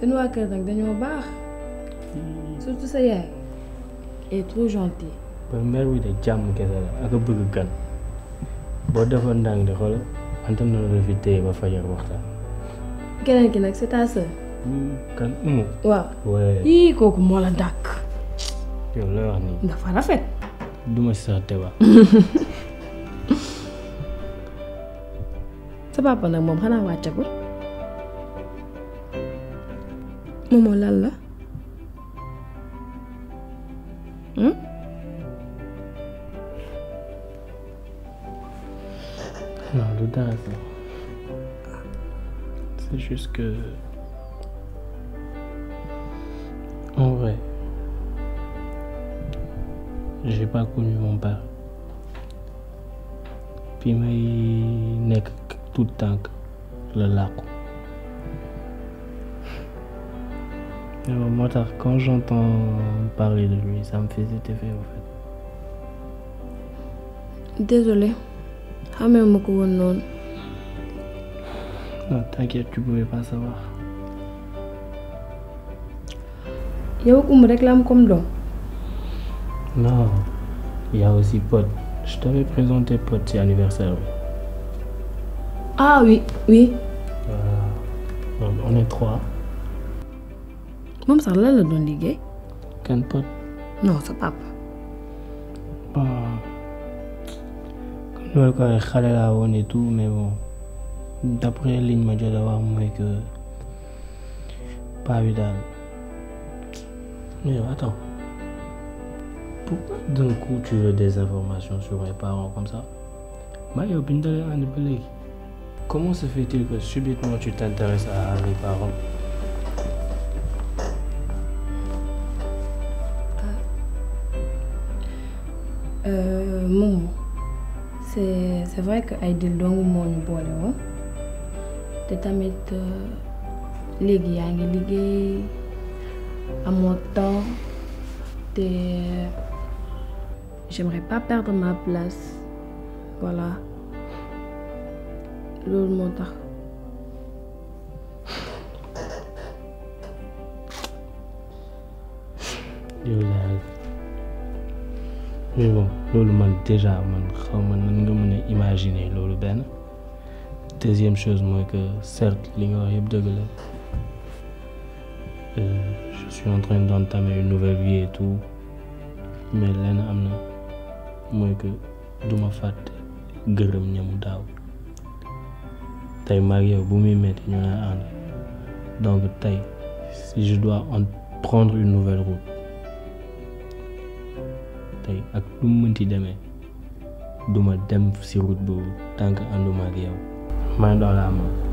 seen waa kër nag dañoo baax. Hmm. surtout sa yaay. est trop gentil. ba mère bi de jàmm kese la ak a bëgg gan boo defoon ndànk di xool na ba fajar waxtaan. keneen ki nag c'est ta soeur? Hmm, kan umu. waaw ii kooku moo la dàkk. yow lay wax nii. dafa rafet. duma si sax débat. sa papa nag moom xanaa Maman là hmm? non du c'est juste que en vrai j'ai pas connu mon père puis Il est tout le temps le lac. Moi, quand j'entends parler de lui, ça me faisait effet en fait. Désolé, ah, Non, t'inquiète, tu pouvais pas savoir. il y a réclame comme l'eau. Non, il y a aussi Pod. Je t'avais présenté Pod c'est anniversaire Ah oui, oui. Euh, on est trois moom sax lan la doon liggéey. kan non sa papa. comme loolu quoi xale laa woon et tout mais bon d'après liñ ma jot a wax que pas bi daal mais attends pourquoi d'un coup tu veux des informations sur mes parents comme ça Mais bah, au bi ñu dalee ànd ba comment se fait-il que subitement tu t'intéresses à mes parents. Euh, bon, c'est vrai que Aïdil dong mon ñu boole woon tamit euh, léegi yaa ngi liggéey amoo temps te euh, j'aimerais pas perdre ma place voilà loolu moo tax. yow mais bon loolu man déjà man xaw ma nan nga mën a imaginer loolu benn deuxième chose mooy que certes li nga wax yëpp dëgg la euh, je suis en train d'entamer une nouvelle vie et tout mais lenn am na mooy que duma fàtte gërëm ñamu daaw tey maag yow bu muy metti ñu lay ànd donc tey si je dois en prendre une nouvelle route ak lu mu mënti demee duma dem si route boobu tant que ànduma ak yow man doo la amoon